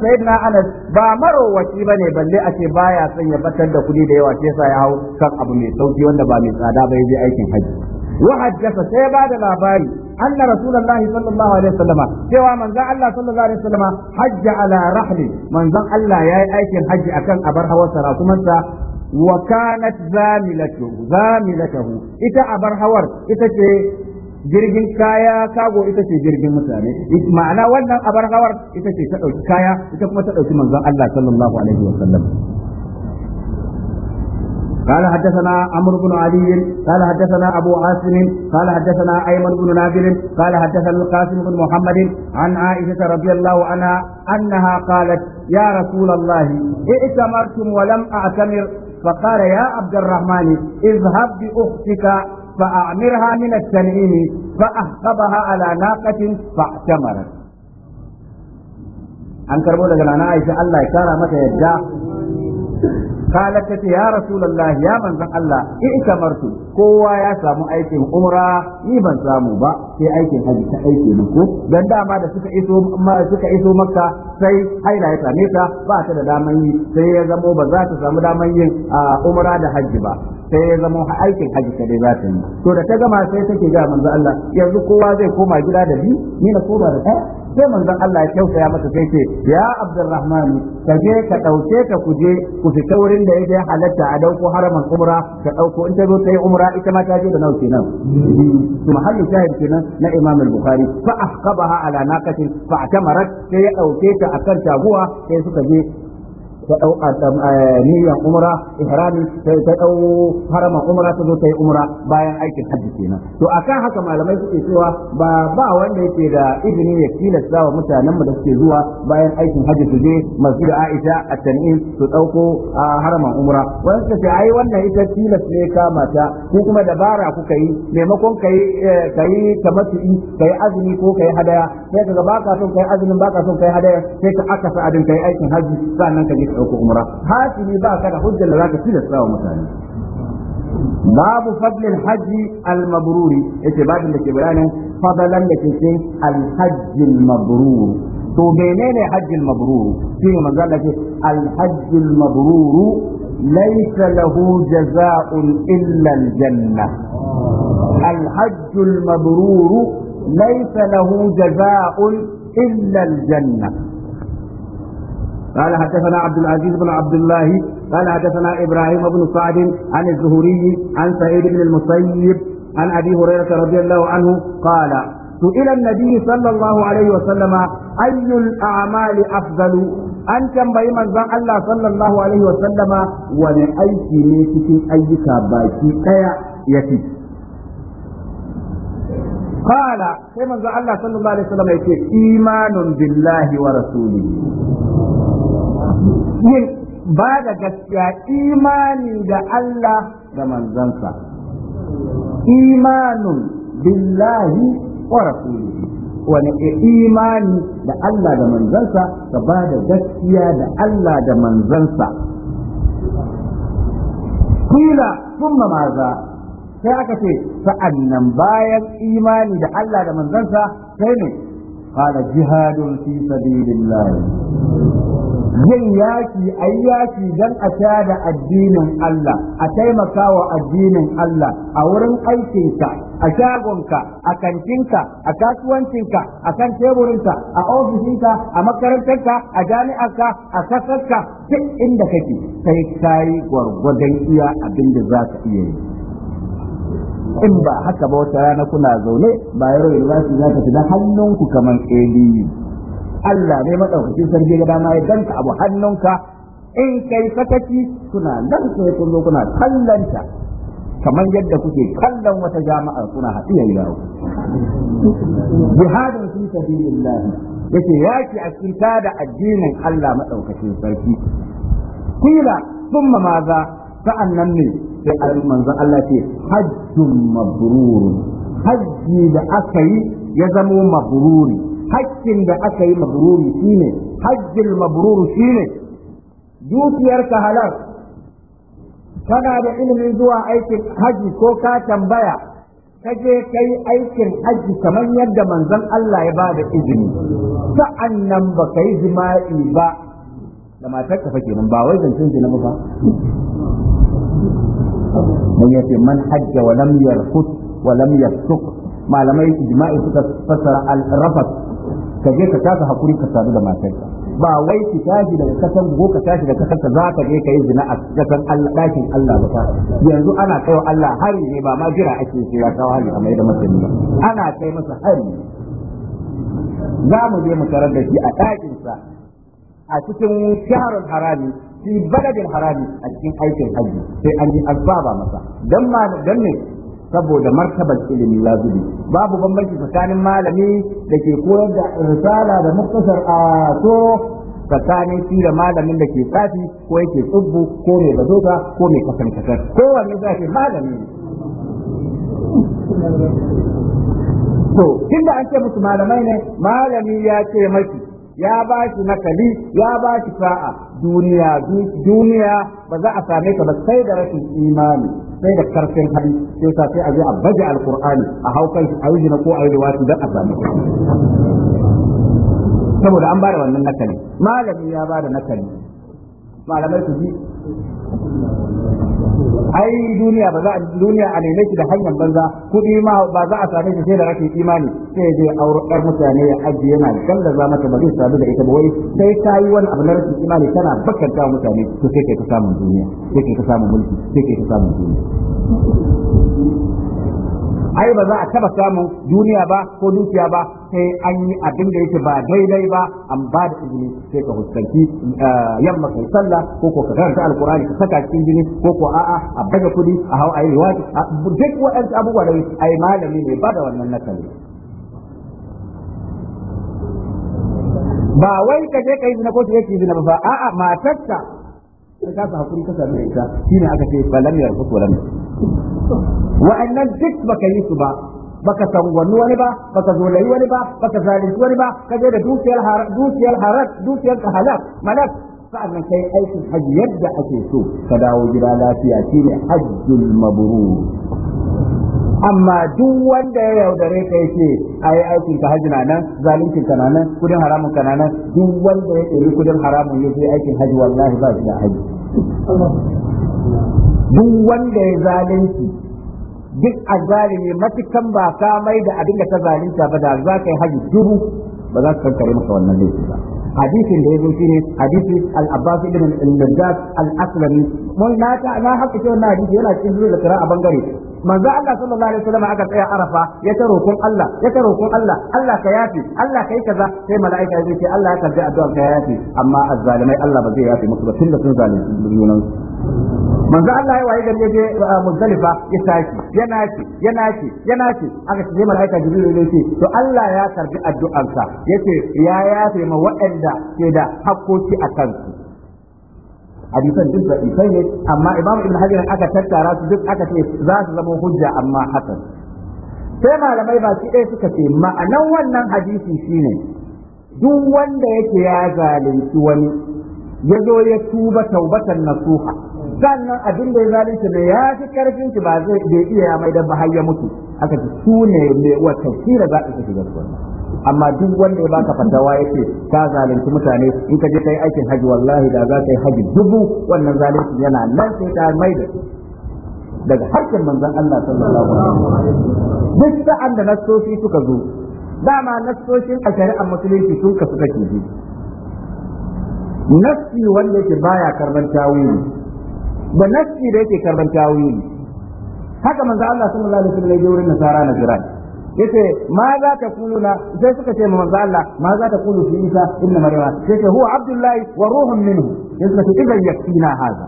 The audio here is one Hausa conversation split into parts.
sai na anas ba marowaci ba ne balle a ce baya son ya batar da kuɗi da yawa sai sa ya hau kan abu mai sauki wanda ba mai tsada ba ya je aikin hajji wa haddasa sai ba da labari anna rasulullahi sallallahu alaihi wasallam cewa manzon Allah sallallahu alaihi wasallam hajja ala rahli manzon Allah yayi aikin hajji akan abar hawa sarakumansa wa kanat zamilatu zamilatahu ita abar hawar ita ce jirgin kaya kago ita ce jirgin mutane ma'ana wannan abar hawar ita ce ta ɗauki kaya ita kuma ta ɗauki manzon Allah sallallahu alaihi wa sallam قال حدثنا عمرو بن علي قال حدثنا ابو عاصم قال حدثنا ايمن بن نادر قال حدثنا القاسم بن محمد عن عائشه رضي الله عنها انها قالت يا رسول الله ائتمرتم ولم اعتمر فقال يا عبد الرحمن اذهب باختك فأعمرها من التنعيم فأحقبها على ناقة فاعتمرت an karbo daga nana aisha Allah ya mata yadda qalat ta ya rasulullah ya manzan Allah in kamartu kowa ya samu aikin umra ni ban samu ba sai aikin haji ta aike ni ko dan dama da suka iso suka iso makka sai haila ya same ba ta da daman yi sai ya zamo ba za ta samu daman yin umra da hajji ba sai ya zamo aikin hajji kadai za ta yi to da ta gama sai take ga manza Allah yanzu kowa zai koma gida da biyu ni na koma da ɗaya sai manzon Allah ya tausaya masa sai ce ya abdulrahman ka je ka dauke ta ku ku fita wurin da yake halatta a dauko haraman umra ka dauko in ta zo ta umra ita ma ta je da nauki nan to mahallin shahid kenan na Imam al-Bukhari fa asqabaha ala naqatin fa atamarat sai ya dauke ta akan taguwa sai suka je ta dau niyyar umra ihrami sai ta dau harama umra ta zo ta yi umra bayan aikin hajji kenan to akan haka malamai suke cewa ba ba wanda yake da izini ya tilasta wa mutanen mu da suke zuwa bayan aikin hajji su je masjid Aisha a tanin su ɗauko haraman umra wannan ta ce ai wannan ita tilas ne ka mata ko kuma dabara kuka yi maimakon kai eh, kai tamattu'i kai azumi ko kai hadaya sai kaga baka son kai azumin baka son kai hadaya sai ka akasa adin kai aikin hajji sannan ka je su ɗauki umra hasili ba ka da hujjar da zaka tilasta wa mutane babu fadlil hajji al-mabruri yace babin da ke bayanin fadalan da ke cikin al-hajj al-mabrur to menene hajji al-mabrur shine manzo Allah ce al-hajj al-mabrur laysa lahu jaza'un illa al-janna al-hajj al-mabrur laysa lahu jaza'un illa al-janna قال حدثنا عبد العزيز بن عبد الله قال حدثنا إبراهيم بن سعد عن الزهري عن سعيد بن المسيب عن أبي هريرة رضي الله عنه قال سئل النبي صلى الله عليه وسلم أي الأعمال أفضل an tambayi manzon Allah sallallahu alaihi wa sallama wani aiki ne cikin ayyuka baki daya yafi qala sai manzon Allah sallallahu alaihi wa sallama yace imanun billahi wa rasulihi yin ba da gaskiya imani da Allah da manzansa imanun billahi wa rasulihi wani imani da Allah da manzansa ka ba da gaskiya da Allah da manzansa kila sun maza sai aka ce sa'an nan bayan imani da Allah da manzansa sai ne hala jihadun fi sabilillah yin yaki a yi yaki don a da addinin Allah a taimaka wa addinin Allah a wurin aikinka a shagonka a kantinka a kasuwancinka a kan teburinka a ofishinka a makarantarka a jami'arka a kasarka duk inda kake sai kayi gwargwadon iya abin da za ka iya yi in ba haka ba wata rana kuna zaune ba yaro university za ka fi hannunku kamar eliyu Allah ne madaukakin sarki ga dama ya danta abu hannunka in kai sakaci kuna nan sai kun zo kuna kallanta kamar yadda kuke kallon wata jama'a kuna haɗiya yaro jihadin fi sabilillah yake yaki a cinta da addinin Allah madaukakin sarki kila thumma maza sa'annan ne sai manzon Allah ce hajjun mabrur hajji da aka yi ya zamo mabruri haƙƙin da aka yi mabruri shine hajjil mabruri shine dukiyarka halal kana da ilimin zuwa aikin haji ko ka tambaya ka yi aikin haji kamar yadda manzon Allah ya ba da izini sa'an nan ba ka yi jima'i ba da matarka fa kenan ba wai zancen jina ba mun yace man hajja wa lam yarfut wa lam yasuk malamai ijma'i suka fassara al-rafat ka je ka kasa hakuri ka sadu da matarka ba wai ki tashi daga kasan ko ka tashi daga kasan za ka je ka yi zina a kasan Allah dakin Allah ba yanzu ana kai Allah hari ne ba ma jira ake ce ya kawo hari a mai da masa ana kai masa hari za mu je mu tarar da shi a dakin sa a cikin shaharul harami fi baladin harami a cikin aikin hajji sai an yi azaba masa dan ma dan ne saboda martabar ilimi ya babu bambanci tsakanin malami da ke koyar da risala da muktasar a so tsakanin shi da malamin da ke tsafi ko yake tsubbu ko mai bazoka ko mai kasantakar kowanne za ke malami to da an ce musu malamai ne malami ya ce mashi ya ba shi nakali ya ba shi sa'a duniya duniya ba za a same ka ba sai da rashin imani sai da karfin hali sai sa sai a je a baje alqur'ani a haukan a yi ko a yi wasu don a same ka saboda an bada wannan nakali malami ya bada nakali malamai su ji ai duniya ba za a duniya a neme shi da hanyar banza kudi ma ba za a same shi sai da rashin imani sai dai aurar mutane ya ajiye yana gallaza mata ba zai sadu da ita ba wai sai ta wani abu na rashin imani tana bakkanta mutane to sai kai ta samun duniya sai kai ta samun mulki sai kai ta samun duniya ai ba za a taba samun duniya ba ko dukiya ba sai an yi abin da yake ba daidai ba an ba da izini sai ka huskanci eh, yamma kai sallah ko ko ka karanta alqur'ani ka saka cikin jini ko ko a'a a baje kudi a hawa ayi riwaji duk waɗansu abubuwa da ai malami ne ba da wannan nakali ba wai ka je kai zina ko ka yake zina ba fa a'a matarka ka kasa hakuri ka sami ita shine aka ce balam yarfu walam wa'annan duk baka yi su ba baka sangwani wani ba baka zolayi wani ba baka zalunci wani ba ka je da dukiyar haram dukiyar haram dukiyar ka malak sa'annan kai aikin haji yadda ake so ka dawo gida lafiya shine hajjul mabrur amma duk wanda ya yaudare ka yake ai aikin ka haji nan zalincin ka nan kudin haramun ka nan duk wanda ya ɗebi kudin haramun ya aikin haji wallahi ba shi da haji duk wanda ya zalunci duk a zalimi matukan ba ka mai da abin da ka zalunta ba da za ka yi haji dubu ba za ka kankare maka wannan laifi ba hadisin da ya zo shine hadisi al-Abbas ibn al-Najjar al-Aslami mun na ta na haka ce wannan hadisi yana cikin zuwa kira a bangare manzo Allah sallallahu alaihi wasallam aka tsaya Arafa ya ta roƙon Allah ya ta roƙon Allah Allah ka yafi Allah kai kaza sai mala'ika ya ce Allah ya karbi addu'a ka yafi amma azzalimai Allah ba zai yafi musu ba tunda sun zalunci dunyan manzo Allah ya waye gari je Muzdalifa ya tashi yana ce yana ce yana ce aka ce malaika Jibril ne ce to Allah ya karbi sa yace ya sai ma waɗanda ke da hakkoki a kansu hadisan duk da isai ne amma Imam Ibn Hajar aka tattara su duk aka ce za su zama hujja amma hakan sai malamai ba su ɗaya suka ce ma'anan wannan hadisi shine duk wanda yake ya zalunci wani ya zo ya tuba taubatan nasuha sannan abin da ya zalunci mai ya fi karfin ki ba zai bai iya ya maida ba hayya mutu aka ce su ne mai wata kira za ka shiga wannan amma duk wanda ya baka fatawa yace ka zalunci mutane in ka je kai aikin haji wallahi da za ka yi haji dubu wannan zalunci yana nan sai ta maida daga harkar manzon Allah sallallahu alaihi wasallam duk sa'an da nasofi suka zo dama nasoshin a shari'ar musulunci sun kasu kake bi nasi wanda yake baya karban tawili da nassi da yake karban tawili haka manzo Allah sallallahu alaihi wasallam ya wurin nasara na jira yace ma za ta kuluna sai suka ce manzo Allah ma za ta kulu fi Isa ibn Maryam sai ce huwa Abdullahi wa ruhun minhu yace ce idan yakfina hada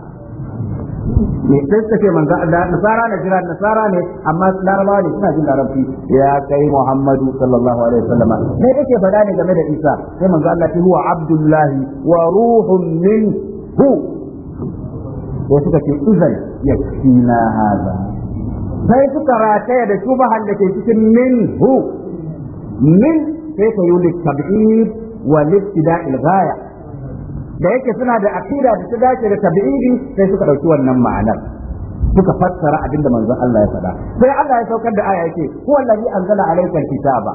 ne sai suka ce manzo Allah nasara na jira nasara ne amma larabawa ne suna jin larabci ya kai Muhammadu sallallahu alaihi wasallam me yake faɗa ne game da Isa sai manzo Allah ce huwa Abdullahi wa ruhun minhu sai suka ce izan ya na haza sai suka rataya da shubahan da ke cikin minhu min sai ta yi littabi'id wa littida ilgaya da yake suna da aqida da ta dace da tabi'idi sai suka ɗauki wannan ma'anar suka fassara abin da manzon Allah ya faɗa sai Allah ya saukar da aya yake huwa allazi anzala alayka kitaba.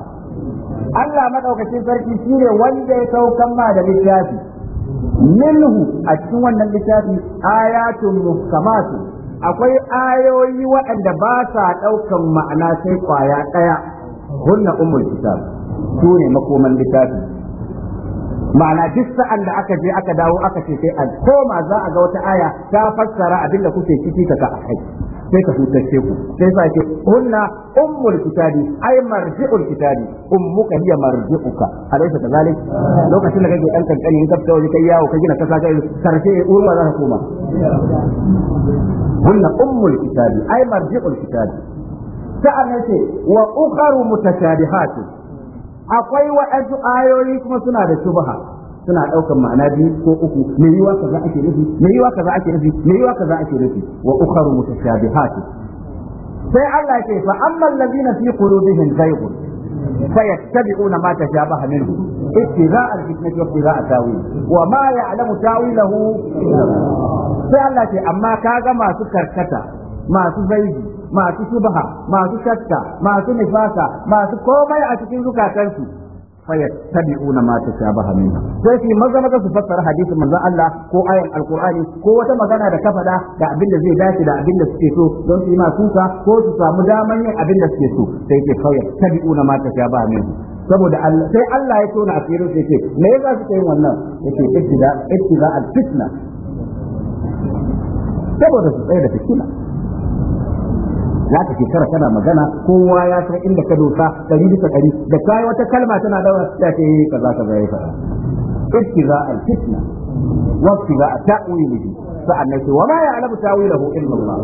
Allah madaukakin sarki shine wanda ya saukar ma da littafi minhu a cikin wannan littafi ayatun muhkamatu akwai ayoyi waɗanda ba sa ɗaukan ma'ana sai kwaya ɗaya hunna ummul kitab su ne makoman littafi ma'ana duk sa'an da aka je aka dawo aka ce sai an koma za a ga wata aya ta fassara abin da kuke ciki ka a kai sai ka hutacce ku sai sa ce hunna ummul kitabi ay marji'ul kitabi ummuka hiya marji'uka alaysa kadhalik lokacin da kake dan kankani in ka fita waje kai yawo ka gina kasa kai karshe urma za ka koma hunna ummul kitabi ay marji'ul kitabi sa'an ce wa ukharu mutashabihatun akwai wa'azu ayoyi kuma suna da shubha suna ɗaukar ma'ana biyu ko uku me yiwa kaza ake nufi me yiwa kaza ake nufi me yiwa kaza ake nufi wa ukharu mutashabihat sai Allah ya ce fa amma alladhina fi qulubihim zayghun فيتبعون ما تشابه منه ابتغاء الفتنة وابتغاء التاويل tawil wa ma ya'lamu tawilahu? sai Allah ce amma kaga masu karkata masu zaidi masu shubha masu shakka masu nifasa masu komai a cikin zukatansu tabi'una ma shabaha min sai shi maza maza su fassara hadisin manzon Allah ko ayan alqur'ani ko wata magana da ka faɗa da abinda zai dace da abinda suke so don su yi masuka ko su samu daman yin abin suke so sai ke tabi'una ma shabaha min saboda sai Allah ya tona asirin sai ce me yasa suke yin wannan yake ittida ittida al-fitna saboda su tsaya da fitina za ka shekara kana magana kowa ya san inda ka dosa ɗari bisa ɗari da kayi wata kalma tana daura ta ce eh, kaza kaza ya faɗa ibtiza al-fitna wa ibtiza ta'wilihi sa'annan ce wa ma alabu tawilahu illa Allah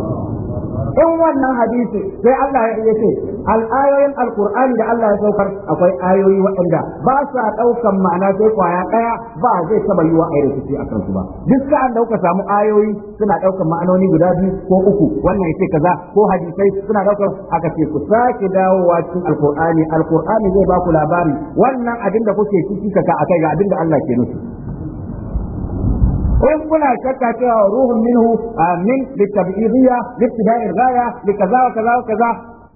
in wannan hadisi sai Allah ya ce al'ayoyin alkur'ani da Allah ya saukar akwai ayoyi waɗanda ba sa ɗaukan ma'ana sai kwaya ɗaya ba zai taɓa yi wa ayyuka a kansu ba duk sa'an da kuka samu ayoyi suna ɗaukan ma'anoni guda biyu ko uku wannan ya yace kaza ko hadisai suna ɗaukar aka ce ku sake dawowa cikin alkur'ani alkur'ani zai ba ku labari wannan abin da kuke ciki kaka akai ga abin da Allah ke nufi هم كنا شكا كده روح منه من للتبعيضية لابتداء الغاية لكذا وكذا وكذا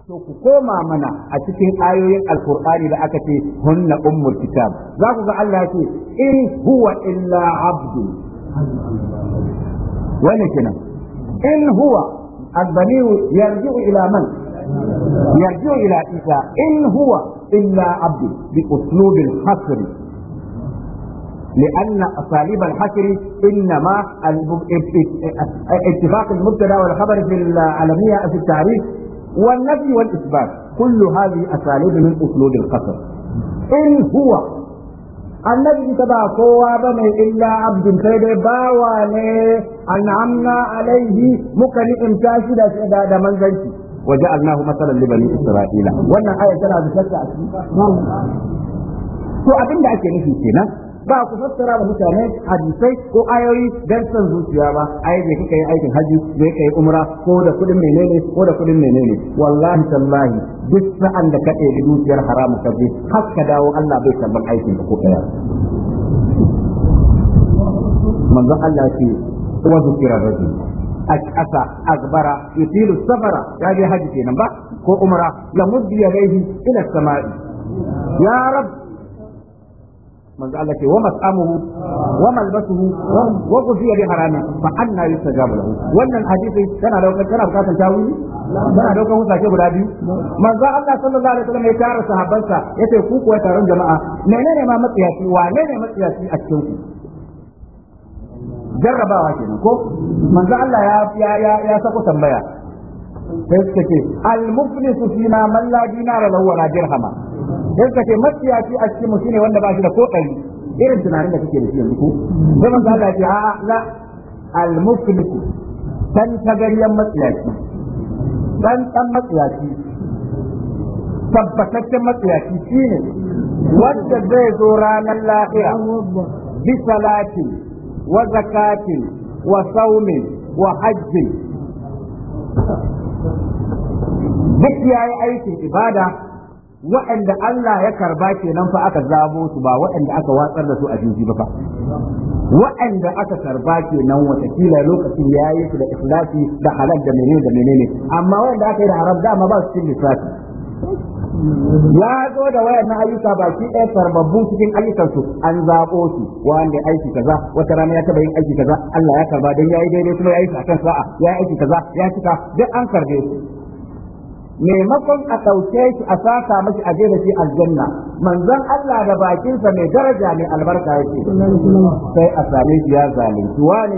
تقوم معنا أتكين آيوية القرآن لأكتي هن أم الكتاب ذاك قال إن هو إلا عبد وين كنا إن هو البني يرجع إلى من يرجع إلى إيسا إن هو إلا عبد بأسلوب الحصري لأن أساليب الحشر إنما اتفاق المبتدأ والخبر في العالمية في التعريف والنفي والإثبات كل هذه أساليب من أسلوب القصر إن هو النبي تبع صواب من إلا عبد خير باوى أنعمنا عليه مكن إمتاشي دا سيدا دا من زيتي وجعلناه مثلا لبني إسرائيل وان الايه تلعب شكا أسلوب تو أبن دا أكي نفي ba ku fassara wa mutane hadisai ko ayoyi dan san zuciya ba ai me kika yi aikin haji me kika umra ko da kudin menene ko da kudin menene wallahi tallahi duk sa'an da ka ɗebi dukiyar haramu ka je dawo Allah bai tabbar aikin ka ko ɗaya manzo Allah ce wa zikira rajul akasa akbara yutilu safara ya je haji kenan ba ko umra ya muddi yadayhi ila samai ya rab manzo Allah ce wa mas'amuhu wa malbasuhu wa qufiya bi haramin fa anna yustajabu lahu wannan hadisi tana daukar tana bukatar tawili tana daukar hutace guda biyu manzo Allah sallallahu alaihi wasallam ya tara sahabbansa yace ku kuwa taron jama'a menene ma matsiyaci wane ne matsiyaci a cikin ku jarrabawa kenan ko manzo Allah ya ya ya sako tambaya sai suka ce al-muflisu fi ma man la dinara lahu wa la dirhama sai suka ce matsiyaci a cikin mutum shine wanda ba shi da kokari irin tunanin da kake da shi yanzu ko sai manzo Allah ce a la al mufliku dan tagariyan matsiyaci dan dan matsiyaci tabbataccen matsiyaci shine wanda zai zo ranar lafiya bi salati wa zakati wa saumi wa hajji duk yayi aikin ibada waɗanda Allah ya karba kenan fa aka zabo su ba waɗanda aka watsar da su a juji ba waɗanda aka karba kenan watakila lokacin ya yi su da ikhlasi da halal da menene da menene amma waɗanda aka yi da haram dama ba su cin lissafi ya zo da wayar na ayyuka baki ɗaya sarbabbun cikin ayyukansu an zaɓo su wanda ya aiki kaza wata rana ya taɓa yin aiki kaza Allah ya karba don ya yi daidai kuma ya yi sa sa'a ya yi aiki kaza ya cika duk an karbe su maimakon a ɗauke shi a saka mashi a da shi aljanna manzon Allah da bakinsa mai daraja mai albarka yake sai a same shi ya zalunci wani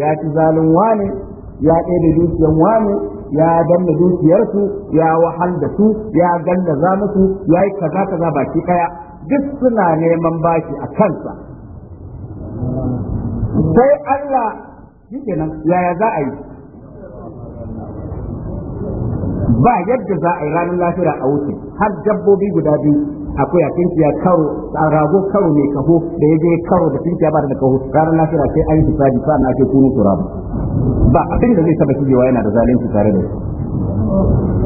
ya ci zalun wani ya ɗaya dukiyan wani ya danna dukiyarsu ya wahal da su ya za musu ya yi kaza kaza baki ɗaya duk suna neman baki a kansa sai Allah shi kenan yaya za a yi ba yadda za a yi ranar lafiya a wuce har dabbobi guda biyu akwai a kinkiya karo a rago karo mai kaho da ya je karo da kinkiya ba da kaho ranar lafiya sai an yi sa na ake kunu rabu ba abin da zai taba kigewa yana da zalunci tare da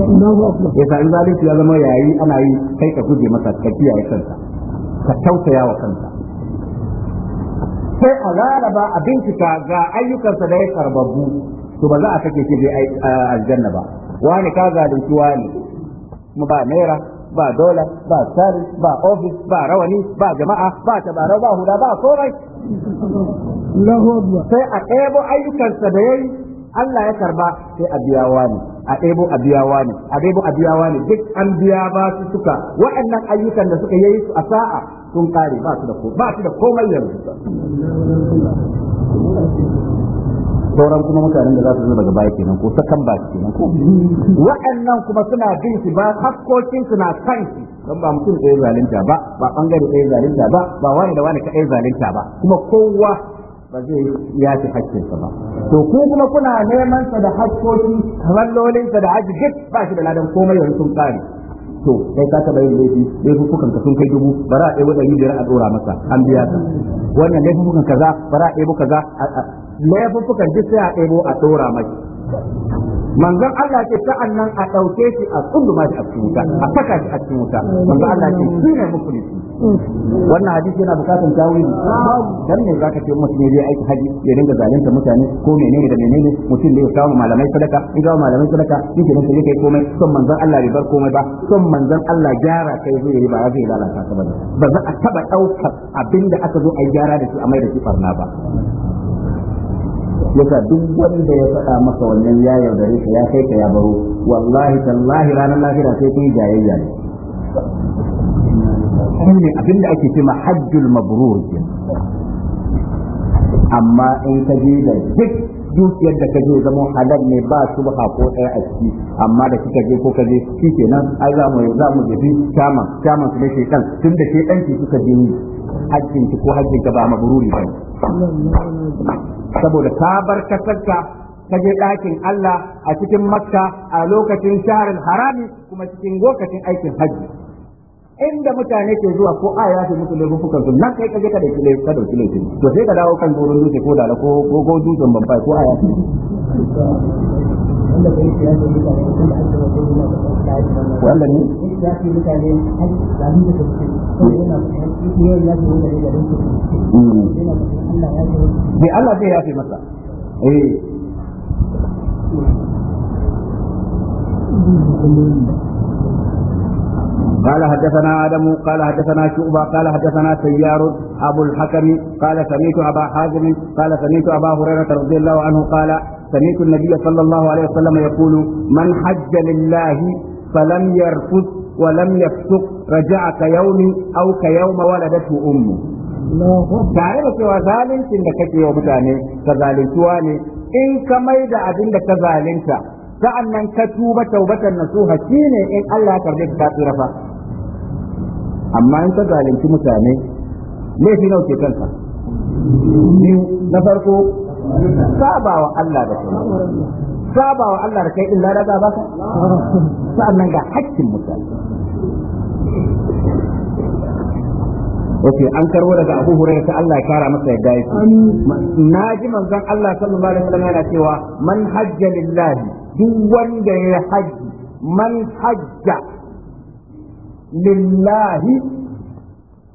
shi ya sa'in zalunci ya zama yayi ana yi kai ka guje masa ka kiyaye kanka ka tausaya wa kanka sai a laraba a bincika ga ayyukansa da ya karbabu to ba za a kake shi aljanna ba wani ka zalunci wani kuma ba naira ba dola ba sari ba ofis ba rawani ba jama'a ba tabarau ba huda ba komai sai a ɗebo ayyukansa da yayi Allah ya karba sai a biya wani a ɗebo a biya wani a ɗebo a biya wani duk an biya ba su suka waɗannan ayyukan da suka yi su a sa'a sun kare ba su da komai yanzu sauran kuma mutanen da za su zo daga baya kenan ko kan ba kenan ko waɗannan kuma suna bin shi ba hakkokin suna kan shi don ba mutum ɗaya zalunta ba ba bangare ɗaya zalunta ba ba wani da wani ka ɗaya zalunta ba kuma kowa ba zai yafi hakkinsa ba to ku kuma kuna neman sa da hakkoki kamar lolinsa da aji duk ba shi da ladan komai yanzu sun kare to kai ka taba yin laifi laifukan ka sun kai dubu bara a ɗaya ɗari biyar a ɗora masa an biya ka wannan laifukan kaza bara a ɗaya kaza laifukan duk sai a ɗaya a ɗora masa manzon Allah ce sa'an nan a ɗauke shi a tsunduma shi a cikin wuta a saka shi a cikin wuta manzon Allah ce shi ne wannan hadisi yana bukatan tawili dan ne zaka ce mutum ne zai aiki haji ya dinga zalunta mutane ko menene da menene mutum da ya samu malamai sadaka in ga malamai sadaka shi nan sai kai komai son manzon Allah bai bar komai ba son manzon Allah gyara kai zai yi ba zai lalata ka ba ba za a taba ɗaukar abinda aka zo a gyara da shi a mai da shi barna ba yasa duk wanda ya faɗa maka wannan ya yaudare ka ya kai ka ya baro wallahi tallahi ranar lafiya sai kai jayayya ne shine abin da ake cewa hajjul mabrur amma in ka je da duk dukiyar da ka je zama halal ne ba su ba ko ɗaya a ciki amma da kika je ko ka je shi kenan ai za mu za mu tafi kama kama su ne shekan tun da shekan ki suka je ni hajjin ko hajjin ka ba mabruri ba saboda ka bar kasarka ka je ɗakin Allah a cikin Makka a lokacin shaharar harami kuma cikin lokacin aikin hajji inda mutane ke zuwa ko a yafi musu laifin fukan sun, nan kai kaje ka dauki laifin ka dauki laifin to sai ka dawo kan gurin dutse ko da ko ko dutsen bambai ko a yafi wanda ne قال حدثنا آدم قال حدثنا شعبة قال حدثنا سيار أبو الحكم قال سميت أبا حازم قال سميت أبا هريرة رضي الله عنه قال سميت النبي صلى الله عليه وسلم يقول من حج لله فلم يرفث ولم يفسق رجع كيوم أو كيوم ولدته أمه tare da cewa zaluncin da kake wa mutane ka zaluntuwa ne in ka mai da abin da ka zalunta sa'an nan ka tuba taubatan nasuha shine in Allah ya karbe ka tsira fa amma in ka zalunci mutane laifi nawa ke kanka na farko sabawa Allah da kuma saba wa Allah da kai din lada za ba ka sa'annan ga haƙƙin mutane Oke an karbo daga Abu hurai ta Allah ya kara masa yadda yake na ji manzon Allah sallallahu alaihi wasallam yana cewa man hajja lillahi duk wanda ya hajji man hajja lillahi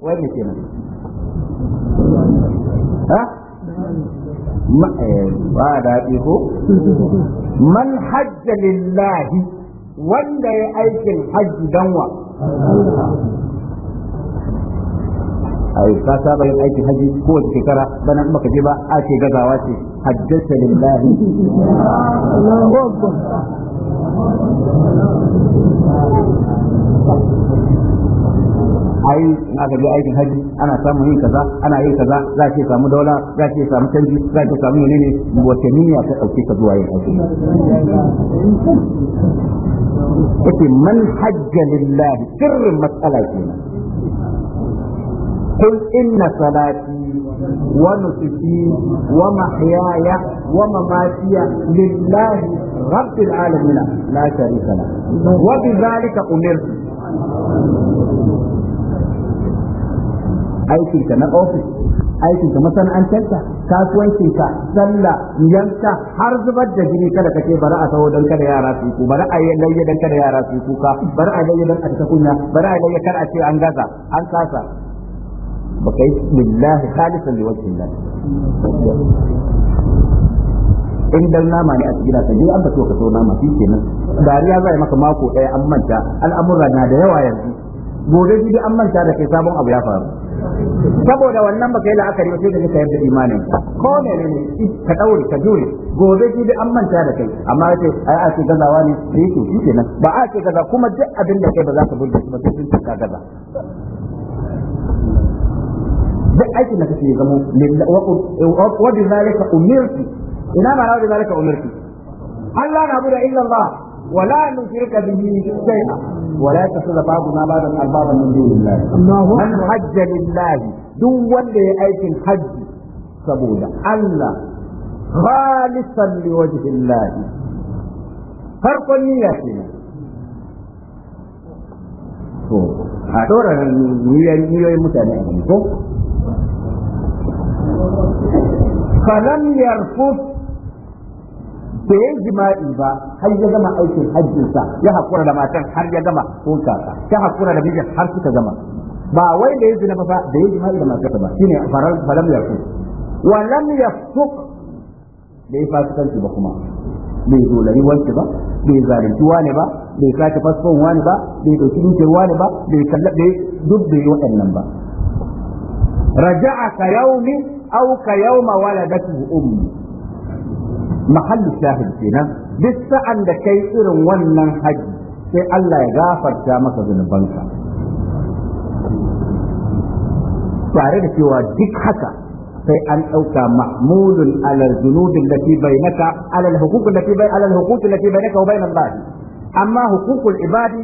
wai Eh, ba daɗi ko man hajja lillahi wanda ya aikin hajji danwa A ka saba yin aikin haji ko wace shekara bana in maka je ba ake ce gazawa ce hajjata lillahi ai in aka je aikin haji ana samun yin kaza ana yin kaza za ki samu daula za ki samu canji za ki samu menene wace niyya ta dauke ka zuwa yin haji yake man hajja lillahi sirrin matsala kenan قل إن صلاتي ونسكي ومحياي ومماتي لله رب العالمين لا شريك له وبذلك أمرت aikin ka na ofis aikin ka masana'antarka kasuwancin ka sallah yanka har zubar da jini kada kake bari a taho dan kada yara su ku bari a layya dan kada yara su ku ka, bari a layya dan a kunya bari a layya kar a ce an gaza an kasa baka yi lillahi khalisan liwajhillah in dan nama ne a gida ka je an ba ka so nama shi kenan dariya zai maka mako daya an manta al'amuran na da yawa yanzu gobe jibi an manta da kai sabon abu ya faru saboda wannan baka yi la'akari ba sai ka ka yarda imanin ko ne ne ka daure ka jure gobe shi da an manta da kai amma yace ai a ake gazawa ne da eh, yake shi kenan ba a ce gaza kuma duk abin da kai ba za ka burge shi ba sai sun ka gaza duk aikin da kake zamo wa bi zalika umirtu ina ma da zalika umirtu Allah na bude illa Allah ولا نشرك به شيئا ولا يتخذ بعضنا بعضا اربابا من دون الله من حج لله دون ولا ايكن حج saboda Allah khalisan liwajhin lahi farkon niyya ce ne to a dora niyoyin ko da ya jima'i ba har ya gama aikin hajjinsa ya hakura da matan har ya gama hunkasa ya hakura da mijin har suka gama ba wai da ya zina ba da ya jima'i da matan ba shine falam fuk wa lam fuk. da ya fasikanci ba kuma bai zolari wanki ba bai zalunci wani ba bai sace fasfon wani ba bai dauki dukiyar wani ba bai kallabe duk da yi waɗannan ba raja'a ka yaumi au ka yauma waladatu ummi. mahallu shahid kenan duk sa'an da kai irin wannan haji sai Allah ya gafarta maka zunubanka tare da cewa duk haka sai an ɗauka mahmudun alal zunubin da fi bainaka alal hukukun da fi bai alal hukukun da fi bainaka wa bainan Allah amma ibadi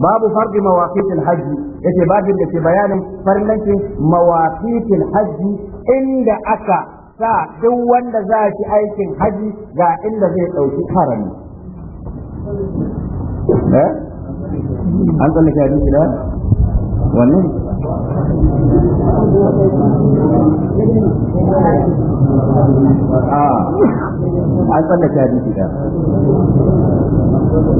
babu fardi mawaqitil hajji yace babin da ke bayanin farlancin mawaqitil hajji inda aka sa duk wanda za shi aikin haji ga inda zai dauki harami eh? an hadisi da والنبي آه عن هذه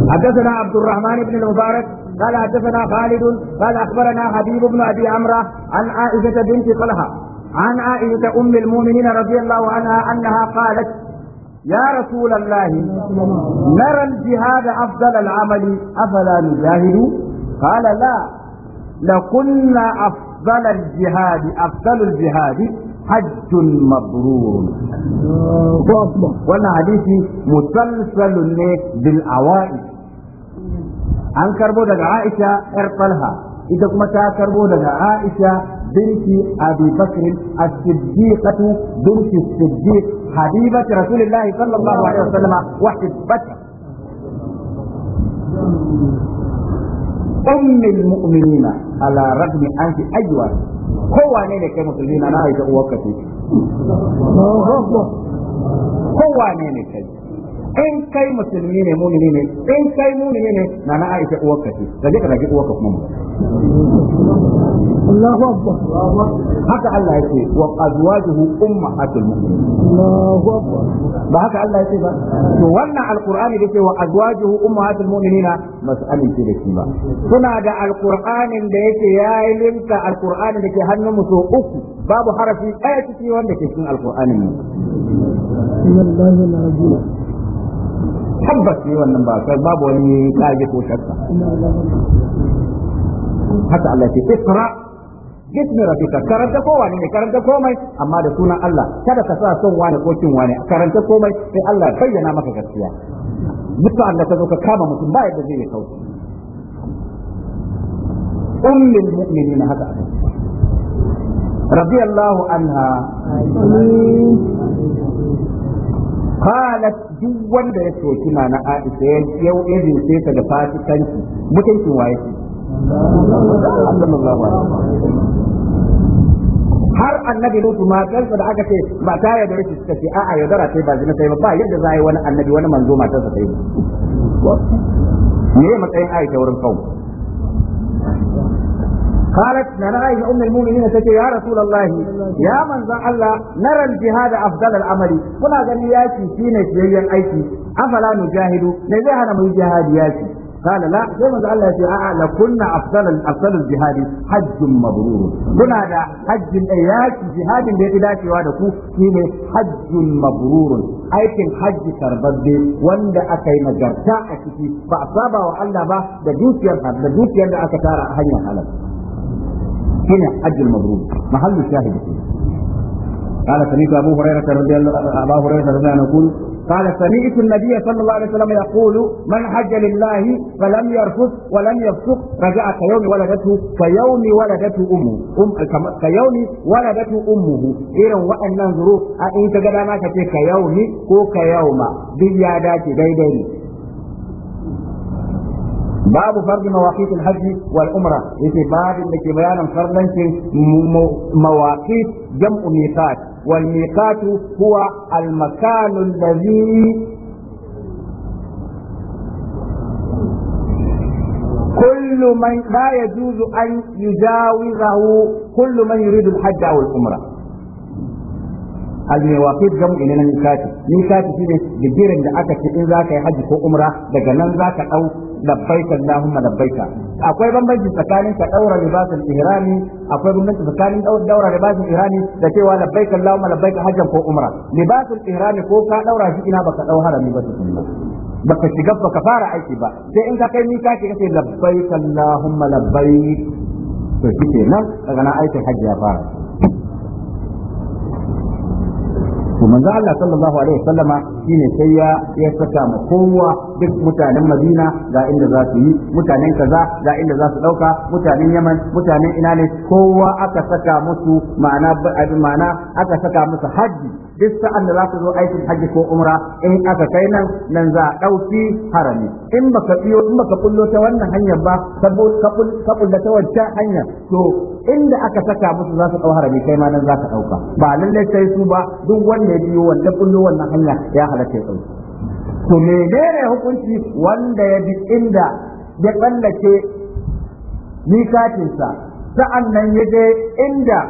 حدثنا عبد الرحمن بن المبارك قال حدثنا خالد قال اخبرنا حبيب بن ابي عمره عن عائشه بنت طلحه عن عائشه ام المؤمنين رضي الله عنها انها قالت يا رسول الله نرى الجهاد افضل العمل افلا نجاهد قال لا لكن أفضل الجهاد أفضل الجهاد حج مبرور وانا حديثي مسلسل بالأوائل عن كربو دقى عائشة ارطلها إذا كما كربو دقى عائشة بنت أبي بكر الصديقة بنت الصديق حبيبة رسول الله صلى الله عليه وسلم وحبتها ummil mu'minina ala ragmi anti ajwa kowane ne kai musulmi na aisha uwarka ce kowane ne kai in kai musulmi ne mumini in kai mumini ne na na aisha uwarka ce kaje ka zagi uwarka kuma Allahu akbar haka Allah yake wa azwajuhu ummahatul mu'minin ba haka Allah yake ba wa azwajuhu ummahatul mu'minina mas'alin ce da shi kuna da alqur'anin da yake yayi linka alqur'ani dake hannun mu so uku babu harafi ɗaya ciki wanda ke cikin alqur'anin mu tabbas ne ba sai babu wani ko shakka haka Allah ke bismi rabbika karanta kowane ne karanta komai amma da sunan Allah kada ka sa son wani ko kin wani karanta komai sai Allah bayyana maka gaskiya mutum Allah ka zo ka kama mutum ba yadda zai kauce ummul mu'minin haka رضي الله عنها قالت duk wanda ya soki na na Aisha yau irin sai ta da fasikanci mutuncin waye sallallahu alaihi har annabi lutu matarsa da aka ce ba ta yarda da shi suka ce a'a yaudara sai ba zina sai ba yadda za a yi wani annabi wani manzo matarsa sai ba me ya matsayin aisha wurin kawo قالت نرى عائشة أم المؤمنين تتي يا رسول الله يا من ذا الله نرى الجهاد أفضل العمل كنا غني ياتي فينا شيئا أيتي أفلا نجاهد نزهنا من جهاد ياتي قال لا sai manzo Allah ya ce a'a la kunna afdal afdal jihad hajjun mabrur kuna da hajjin da yaki jihadin da ya dacewa da ku shine hajjin mabrur aikin hajji karbabbe wanda aka yi nagarta a ciki ba a saba wa Allah ba da dukiyar da dukiyar da aka tara a hanyar قال سمعت أبو هريرة رضي الله أبا هريرة رضي الله عنه قال سمعت النبي صلى الله عليه وسلم يقول من حج لله فلم يرفث ولم يفسق رجع كيوم ولدته كيوم ولدته امه ام كيوم ولدته امه irin waɗannan zuru a in ka gada ma ka ce ka yaumi ko ka yauma duk ya dace daidai ne babu fardi mawaqit al-hajj wal umra yace babin da ke bayanan fardancin والميقات هو المكان الذي كل من لا يجوز أن يجاوزه كل من يريد الحج أو العمرة الميقات جمع إلى الميقات الميقات في جدير عندما تكون ذاك حج أو عمرة لأن ذاك أو لبيك اللهم لبيك akwai bambanci tsakanin ka daura libasin ihrami akwai bambanci tsakanin daura libasin ihrami da cewa labbaika allahumma labbaik hajjan ko umra libasin ihrami ko ka daura shi ina baka dau harami ba tukunna baka shiga baka fara aiki ba sai in ka kai mika ki kace labbaika allahumma labbaik to kike nan daga nan aikin hajji ya fara to manzo Allah sallallahu alaihi wasallama shine sai ya ya saka ma kowa duk mutanen madina ga inda za su yi mutanen kaza ga inda za su dauka mutanen yaman mutanen ina ne kowa aka saka musu ma'ana ma'ana aka saka musu haji duk sa'an da za su zo aikin haji ko umra in aka kai nan nan za a dauki harami in baka biyo in baka kullo ta wannan hanyar ba ka kulla ta wancan hanyar to inda aka saka musu za su dau harami kai ma nan za ka dauka ba lallai sai su ba duk wanda ya biyo wanda kullo wannan hanya ya halatta ya dauka to menene hukunci wanda ya bi inda ya tsallake mikatinsa sa'an nan ya je inda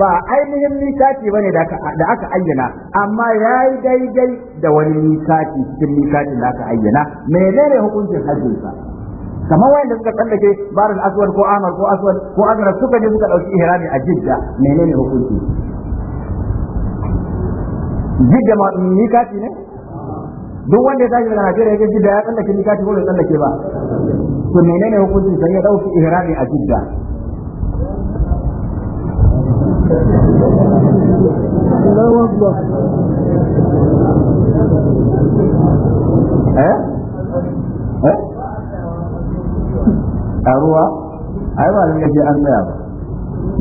ba ainihin mikati bane da aka ayyana amma ya yi daidai da wani mikati cikin mikatin da aka ayyana menene hukuncin hajjinsa kamar wayanda suka tsallake barin aswad ko Amur, ko aswad ko azraf suka je suka dauki ihrami a jidda menene hukunci jidda ma mikati ne duk wanda ya tashi daga Najeriya ya jidda ya tsallake mikati ko bai tsallake ba to menene hukuncin sai ya dauki ihrami a jidda Allahu Akbar eh, eh? a ruwa ai ba ne an tsaya ba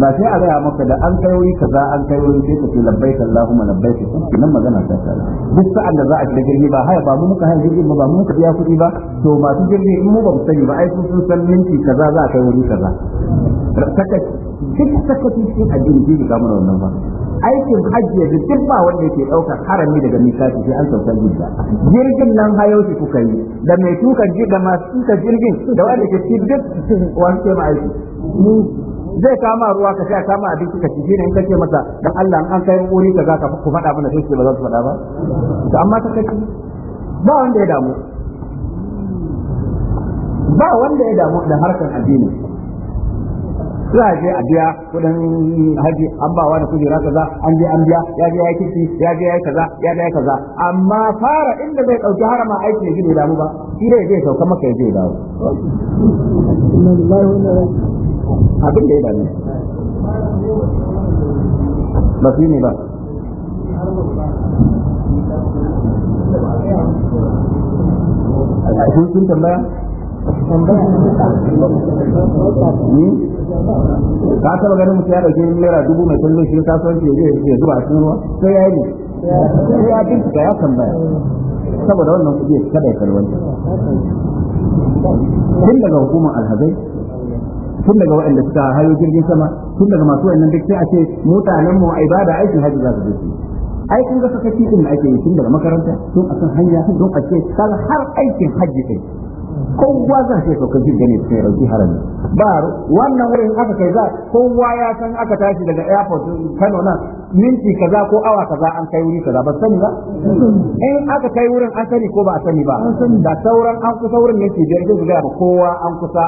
ba sai a raya maka da an kai wuri kaza an kai wuri sai ka ce labbaik Allahumma labbaik nan magana ta tsara duk sa'an da za a shiga jirgi ba haya ba mu muka haya jirgi ba mu muka biya kuɗi ba to masu jirgi in mu ba mu sani ba ai sun san minti kaza za a kai wuri kaza duk sakaci cikin addini ji ga mana wannan ba aikin hajji da duk ba wanda yake ɗaukar harami daga mikati sai an sauka jirga jirgin nan hayoshi kuka yi da mai tuka da masu tuka jirgin da wanda ke ci duk wani ke ma'aiki zai kama ruwa ka sha kama abinci ka ci ne in kace masa dan Allah an kai wuri ka za ka ku fada mana sai ba za su fada ba to amma ta kace ba wanda ya damu ba wanda ya damu da harkan addini za a je a biya kudin haji an ba wani kujera kaza an je an biya ya je ya kici ya je ya kaza ya je ya kaza amma fara inda zai dauki harama aiki ne gidan damu ba shi dai zai sauka maka ya je dawo abin da ya dame ba su ne ba a cikin sun tambaya ka taba ganin mutum ya dauke naira dubu mai kallo shi kasuwanci ya je ya zuba a cikin ruwa sai ya yi sai ya bincika ya tambaya saboda wannan kudi ya kada ya kalwanta tun daga hukumar alhazai tun daga waɗanda suka hayo jirgin sama tun daga masu wannan duk sai a ce mutanen mu ibada aikin hajji za su je ai kun ga saka din da ake yi tun daga makaranta tun akan hanya don a ce kaga har aikin hajji kai kowa za shi sauka jin gane sai rauki harami ba wannan wurin aka kai za kowa ya san aka tashi daga airport Kano nan minti kaza ko awa kaza an kai wuri kaza ba sani ba in aka kai wurin an sani ko ba a sani ba da sauran an kusa wurin minti biyar da ga kowa an kusa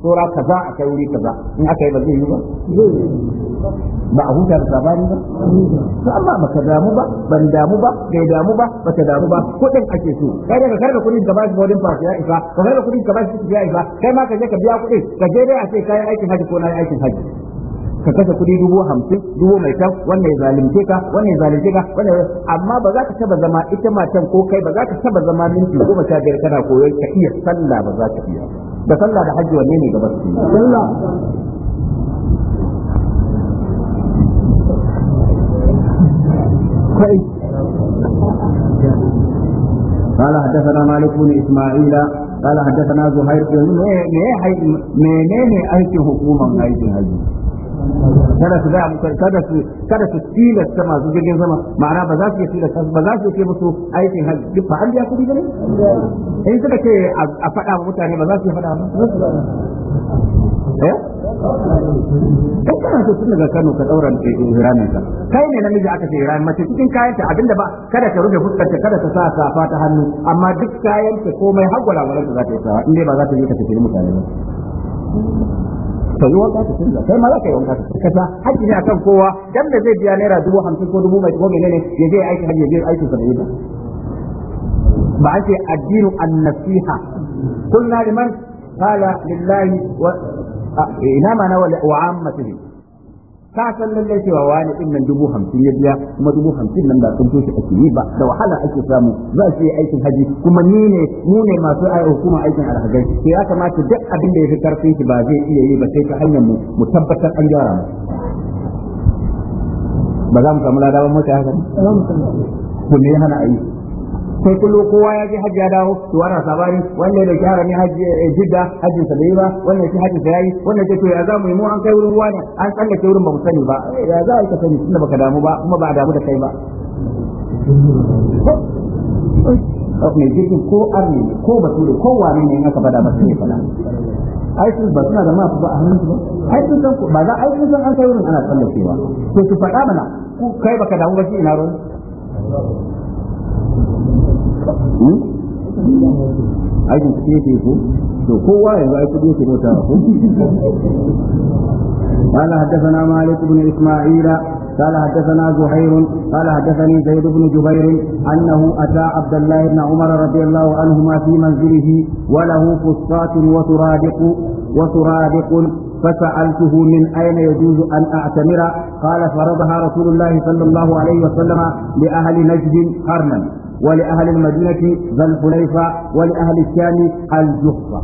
tsora kaza a kai wuri kaza in aka yi ba zai yi ba ba a huta da sabani ba to amma baka damu ba ban damu ba bai damu ba baka damu ba kudin ake so kai daga kar da kudin ka shi bodin fashi ya isa ka kar da kudin ka bashi ya isa kai ma ka je ka biya kudi ka je dai a ce kai aikin haji ko na aikin haji ka kashe kudi dubu hamsin dubu mai kyau wannan ya zalunce ka wannan ya zalunce ka wannan amma ba za ka taba zama ita matan ko kai ba za ka taba zama minti goma sha biyar kana koyon ka iya sallah ba za ka iya ba da sallah da hajji wanne ne gaba sallah kai قال حدثنا مالك بن اسماعيل قال حدثنا زهير بن ايه ايه منين ايه حكومه ايت الحج kada su gaya muku kada su kada su tilasta masu jirgin sama ma'ana ba za su yi ba za su ce musu aikin hajji duk fa an biya kuɗi ne in suka ce a faɗa wa mutane ba za su yi faɗa ba eh kai kana so tun daga Kano ka daura hiramin ka kai ne namiji aka ce hiramin mace cikin kayan ta abinda ba kada ka rufe fuskar kada ka sa safa ta hannu amma duk kayan ta komai hagwala wannan da za ta yi sawa in ba za ta yi ka tafi mutane ba ka yi wanka ka canza kai ma za ka yi wanka ka sa haƙƙi ne akan kowa dan da zai biya naira dubu hamsin ko dubu mai ko menene ya je aiki hajji ya je aiki sa ba ba a ce addinu an-nasiha kullu liman qala lillahi wa ina ma na wa ammatihi ka san lallai cewa wani din nan dubu hamsin ya biya kuma dubu hamsin nan da sun toshe ake yi ba da wahala ake samu za su yi aikin haji kuma ni ne mu ne masu ai hukuma aikin alhajai sai ya kamata duk abin da ya fi karfin shi ba zai iya yi ba sai ta hanyar mu mu tabbatar an gyara mu ba za mu samu ladaban mota haka ku ne hana ayi sai kullum kowa ya je hajji ya dawo to ana sabari wanda ya dauki ne hajji eh, jidda hajjin sa bai ba wannan shi hajji sa yayi wannan ce to ya mu yi mu an kai wurin wani an ke wurin ba mu sani ba eh, ya za a yi ka sani tunda baka damu ba kuma ba a damu da kai ba eh, mai jirgin ko arni ko bature ko wane ne in aka fada masa ne fada aikin ba suna da masu ba a hannun ba aikin san ba za aikin san an kai wurin ana tsallakewa to su faɗa mana kai baka damu ba shi ina ruwan aikin kuɗi yake ko to kowa yanzu ai kuɗi yake bauta ko قال حدثنا مالك بن اسماعيل قال حدثنا زهير قال حدثني زيد بن جبير انه اتى عبد الله بن عمر رضي الله عنهما في منزله وله فسطاط وترادق وترادق فسألته من أين يجوز أن أعتمر قال فرضها رسول الله صلى الله عليه وسلم لأهل نجد قرنا ولأهل المدينة ذا الحليفة ولأهل الشام الجحفة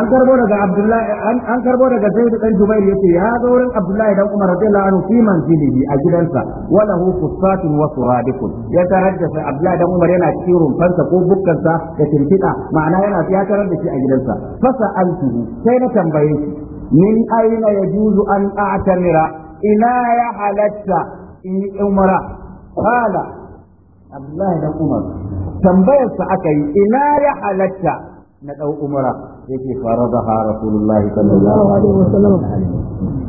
an karbo daga abdullahi an karbo daga zaid dan jubair yace ya ga wurin abdullahi dan umar radiyallahu anhu fi manzilihi a gidansa wa lahu wasu, wa suradikun ya tarar da sai abdullahi dan umar yana cikin fansa ko bukkansa da tirfida ma'ana yana ya tarar da shi a gidansa fasa altuhu sai na tambaye shi Nin aina yajuzu an a'tamira ina ya halatta in umra qala abdullahi dan umar tambayarsa aka yi ina ya halatta na dau umra yake faradaha rasulullahi sallallahu alaihi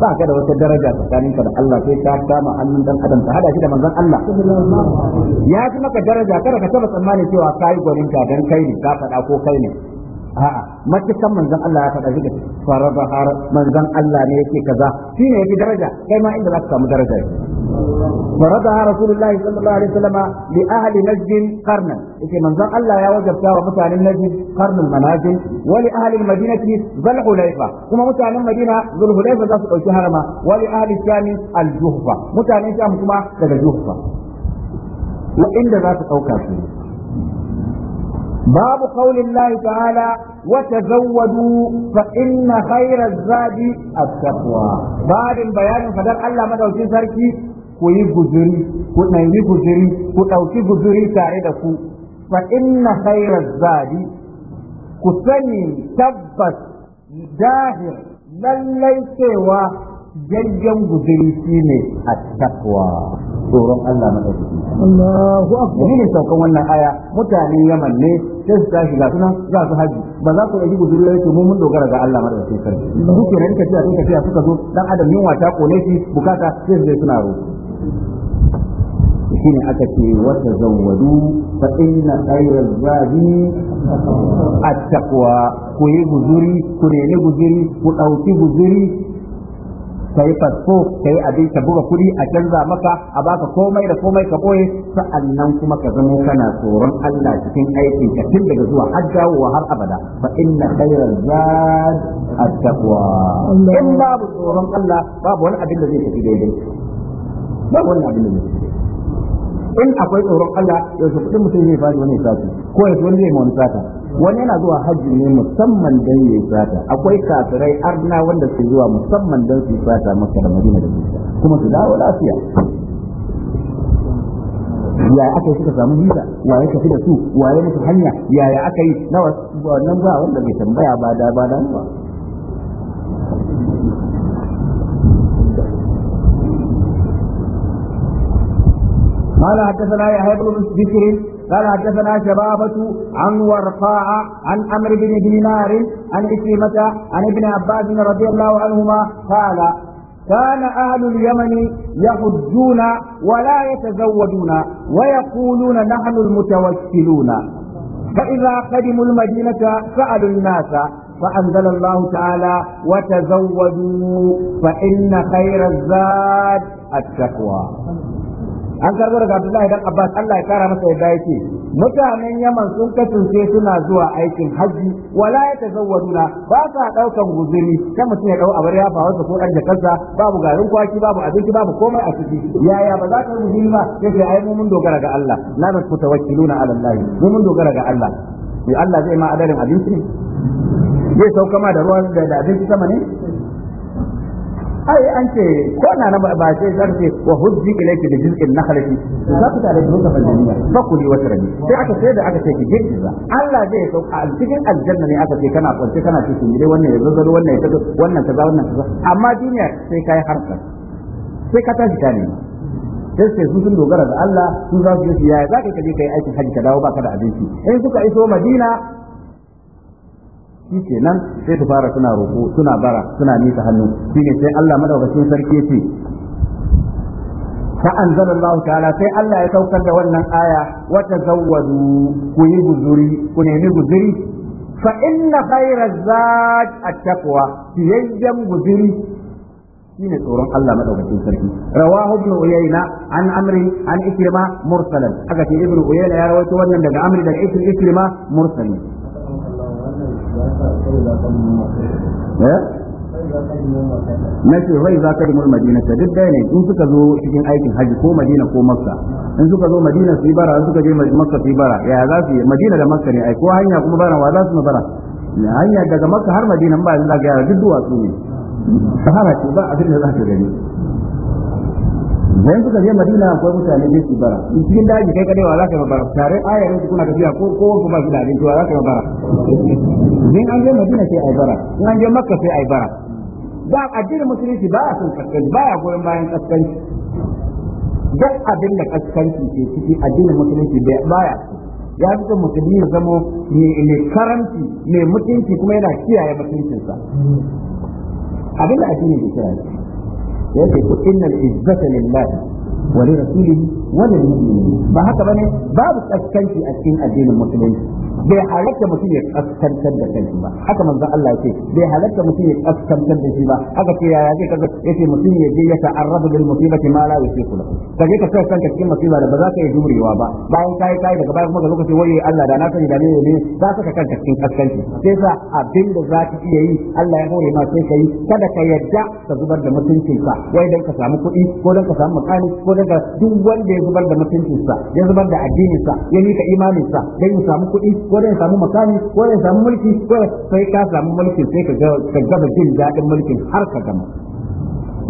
ba ka da wata daraja tsakanin ka da Allah sai ka kama hannun dan adam ka hada shi da manzon Allah ya fi maka daraja kada ka taba tsammani cewa kai gwanin ka dan kai ne ka fada ko kai ne a'a matukan manzon Allah ya faɗa zika faraba har manzon Allah ne yake kaza shi ne yake daraja kai ma inda za ka samu daraja faraba rasulullahi sallallahu alaihi wasallam li ahli najd qarnan yake manzon Allah ya wajabta wa mutanen najd qarnul manazil wa li ahli almadinati zal hulaifa kuma mutanen madina zal hulaifa za su dauki harama wa li ahli sham al juhfa mutanen sham kuma daga juhfa wa inda za su dauka su باب قول الله تعالى وتزودوا فإن خير الزاد التقوى بعد البيان فدر الله مدوكين سركي كوي غزري كنيمي غزري كتوكي غزري تاردكو فإن خير الزاد كسني تبت داهر للي سوى yayyan guzuri shine at-taqwa tsoron Allah madaukaki Allahu akbar ne saukan wannan aya mutane Yaman ne sai su tashi ga sunan za su haji ba za ku yi guzuri da yake mun dogara ga Allah madaukaki sai kuke nan kace a kace suka zo dan adam yunwa ta kone shi bukata sai su suna roƙo shine aka ce wata zawwadu fa inna khayral zadi at-taqwa ku yi guzuri ku rene guzuri ku dauki guzuri ka yi fasfo ka yi abin ka buga kuɗi a canza maka a baka komai da komai ka boye sa'annan kuma ka zamo kana tsoron Allah cikin aikin ka tun daga zuwa har dawowa har abada fa inna khayral zad at-taqwa in babu tsoron Allah babu wani abin da zai tafi daidai babu wani abin da zai tafi in akwai tsoron Allah yau kuɗin mutum zai faɗi wani sati ko ya wani zai ma wani sata wani yana zuwa hajji ne musamman don ya yi sata akwai kafirai arna wanda su zuwa musamman don su sata maka da madina da kuma su dawo lafiya ya aka yi suka samu hita, ya yi tafi da su wa ya musu hanya ya yi aka yi na wannan ba wanda bai tambaya ba da ba dan ba قال حدثنا يحيى بن بكر قال حدثنا شبابة عن ورقاء عن عمرو بن دينار عن عكرمة عن ابن عباس رضي الله عنهما قال كان أهل اليمن يحجون ولا يتزوجون ويقولون نحن المتوكلون فإذا قدموا المدينة سألوا الناس فأنزل الله تعالى وتزودوا فإن خير الزاد التقوى an karbo daga Abdullahi dan Abbas Allah ya kara masa yadda yake mutanen Yaman sun kasance suna zuwa aikin hajji. wala ya tazawwaduna ba sa daukan guzuri kan mutum ya dau abar ya ba ko ɗan jakarsa babu garin kwaki babu abinci babu komai a ciki yaya ba za ka yi guzuri ba yace ai mu mun dogara ga Allah la nasutawakkiluna ala Allah mu mun dogara ga Allah sai Allah zai ma adarin abinci ne zai sauka ma da ruwan da abinci sama ne ai an ce ko na na ba sai zan ce wa hujji ilayki bi jiz'in nakhlati za ku tare da rukun aljanna fa kuli wa tarabi sai aka sai da aka ce ki jizza Allah zai so a cikin aljanna ne aka ce kana kwance kana cikin gida wannan ya zazzaro wannan ya tazo wannan kaza wannan kaza amma duniya sai kai harka sai ka tashi tani sai sai su sun dogara da Allah su za su yi yaya za ka je kai aikin hajji ka dawo baka da abinci in suka iso Madina shi nan sai su fara suna roƙo suna bara suna nisa hannu ne sai Allah madaukakin sarki ce fa anzalallahu ta'ala sai Allah ya saukar da wannan aya wa tazawwadu ku yi guzuri ku nemi guzuri fa inna khayra zaj at-taqwa yayyan guzuri ne tsoron Allah madaukakin sarki rawahu ibn uyayna an amri an ikrima mursalan aka ce ibn uyayna ya rawaito wannan daga amri daga ikrima mursalan Eh? na ce rai za ka dimul madina ta duk ɗaya ne in suka zo cikin aikin haji ko madina ko makka in suka zo madina su yi bara in suka je makka su yi bara yaya za su yi madina da makka ne ai ko hanya kuma bara wa za su ma bara hanya daga makka har madina ba za ga yara duk duwatsu ne sahara ce ba abin da za ka gani dan suka je Madina akwai mutane da su bara in cikin daji kai kadai wa za ka yi bara tare ayarin su kuna tafiya ko ko kuma su da to za ka yi bara in an je Madina sai ai bara in an je Makka sai ai bara ba addinin musulunci ba ya son kaskanci ba ya goyon bayan kaskanci duk abin da kaskanci ke ciki addinin musulunci ba ya ya fi son musulmi ya zamo mai karanci mai mutunci kuma yana kiyaye mutuncinsa abin da addinin ke kira yake ku innal izzata lillahi wa li rasulihi wa lil mu'minin ba haka bane babu kaskanci a cikin addinin musulunci bai halatta mutum ya kaskantar da kanshi ba haka manzon Allah yake bai halatta mutum ya kaskantar da shi ba haka ce yaya zai kaga yace mutum ya je ya ta'arrada bil musibati ma la yusiku lahu kaje ka kai kanka cikin musiba da ba za ka yi jurewa ba bayan kai kai daga baya kuma ga lokaci waye Allah da na sani da ne ne za ka ka kanka cikin kaskanci sai sa abin da za ka iya yi Allah ya hore ma sai kai kada ka yadda ka zubar da mutuncinka wai dan ka samu kuɗi ko dan ka samu makani ko dan duk wanda ya zubar da mutuncinsa ya zubar da sa ya imanin sa dan ya samu kuɗi ko dai samu makami ko dai samu mulki ko sai ka samu mulkin sai ka gaba jin daɗin mulkin har ka gama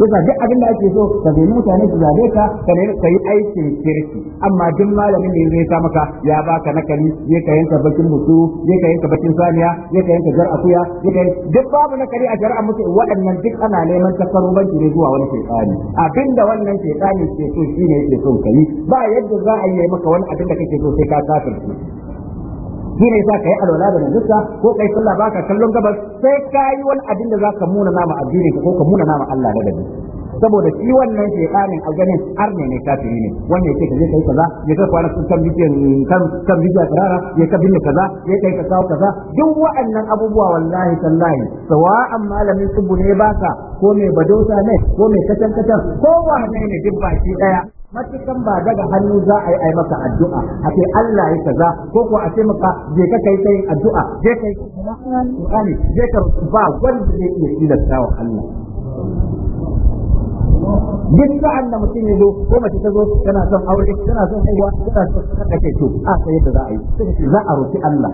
yasa duk abin da ake so ka nemi mutane su zabe ka ka ne kai aikin kirki amma duk malamin da zai ta maka ya baka nakari ya ka yanka bakin mutu ya ka yanka bakin saniya ya ka yanka jar akuya ya ka duk babu nakari a jar'a mutu waɗannan duk ana neman takarubanci ne zuwa wani shaytani da wannan shaytani ke so shine yake so kai ba yadda za a yi maka wani abin da kake so sai ka kafirce shi ne sa yi alwala da najasa ko kai sallah baka kallon gabas sai yi wani abin da za ka muna nama addini ko ka muna nama Allah da gani saboda shi wannan shaytanin ganin, arne ne kafiri ne wanda yake kaje kai kaza ya ka kwana sun kan bidiyan kan kan karara ya ka binne kaza ya kai ka kawo kaza duk wa'annan abubuwa wallahi tallahi sawa'an malamin subu ne baka ko mai badosa ne ko mai kacan-kacan, ko wa ne duk baki daya matukan ba daga hannu za a yi ai maka addu'a a ce Allah ya kaza ko ko a ce maka je ka kai sai addu'a je kai Qur'ani je ka ba wanda zai iya tilasta wa Allah duk sa'an da mutum ya zo ko mace ta zo tana son aure tana son haihuwa tana son haka kai to a sai yadda za a yi sai za a roki Allah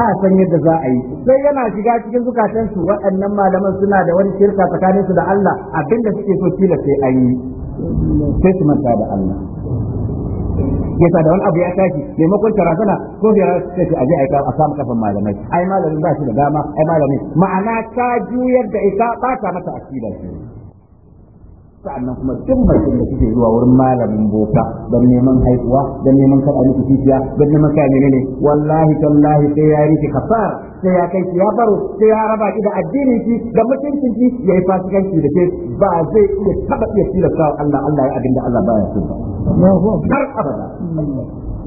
a san yadda za a yi sai yana shiga cikin zukatansu waɗannan malaman suna da wani shirka tsakaninsu da Allah abinda suke so tilasta sai an yi sai da Allah yasa da wani abu ya tashi maimakon tarazana ko da sai ce aje aika a samu kafin malamai ai malamin ba shi da dama ai malamin ma'ana ta juyar da ita ba ta mata akida shi sa'annan kuma duk mutum da suke zuwa wurin malamin bota don neman haihuwa don neman kada miki kifiya don neman kai menene wallahi tallahi sai ya rike kafara sai ya kai ki ya baro sai ya raba ki da addinin ki da mutuncin ki yayi fasikanci da ke ba zai iya taba iya tilasta Allah Allah ya abinda Allah baya so ba har abada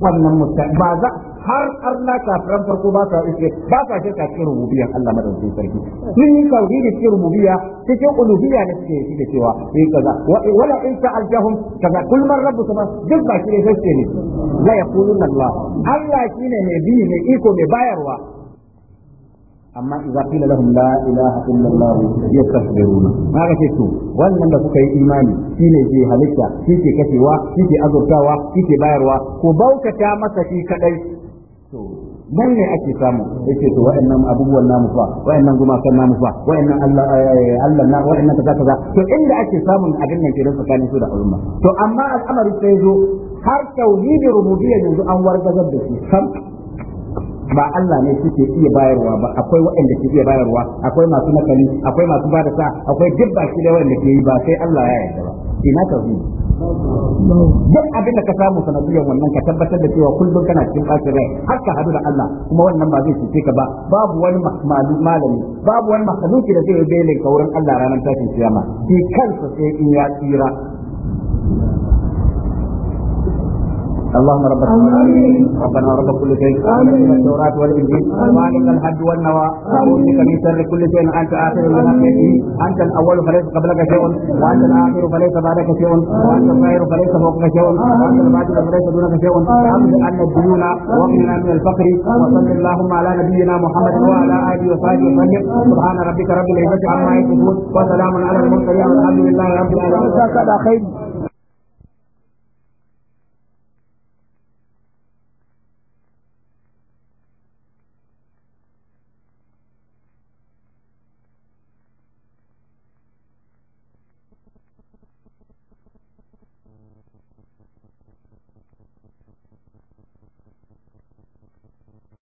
wannan mutum ba za har arna kafiran farko ba sa iske ba sa shirka cikin rububiyan Allah madaukakin sarki sun yi tauhidi cikin rububiya cikin uluhiyya ne suke yi cewa sai eh, kaza wala in sa'altahum kaza kul man rabbu sama duk ba shi ne sai ne la yaquluna Allah Allah shine ne bi ne iko mai bayarwa amma idza qila lahum la ilaha illallah yastakbiruna ma ga ce to wannan da suka yi imani shine je halitta shike kashewa shike azurtawa shike bayarwa ko baukata masa shi kadai to nan ne ake samu yace to wa'annan abubuwan namu fa wa'annan gumakan namu fa wa'annan Allah eh, eh, eh, Allah na wa'annan kaza kaza to inda ake samun a nan kenan tsakanin su da al'umma to amma al'amari sai zo har tauhidin rububiyyah yanzu an wargazar da shi sam ba Allah ne suke iya bayarwa ba akwai waɗanda ke iya bayarwa akwai masu nakali akwai masu bada sa akwai duk baki da waɗanda ke yi ba sai Allah ya yarda ba ina tauhidi duk abin da ka samu sanadiyar wannan ka tabbatar da cewa kullum kana cikin ɓacin rai har ka hadu da Allah kuma wannan ba zai cuce ka ba babu wani malami babu wani makaluki da zai bele ka wurin Allah ranar tashin kiyama shi kansa sai in ya tsira اللهم رب ربنا رب كل شيء التوراة والإنجيل مالك الحج والنوى أعوذ من شر كل شيء أنت آخر من حقيقي أنت الأول فليس قبلك شيء وأنت الآخر فليس بعدك شيء وأنت الخير فليس فوقك شيء وأنت الباطل فليس دونك شيء أمن أن الديون ومننا من الفقر وصل اللهم على نبينا محمد وعلى آله وصحبه وسلم سبحان ربك رب العزة عما يصفون وسلام على المرسلين والحمد لله رب العالمين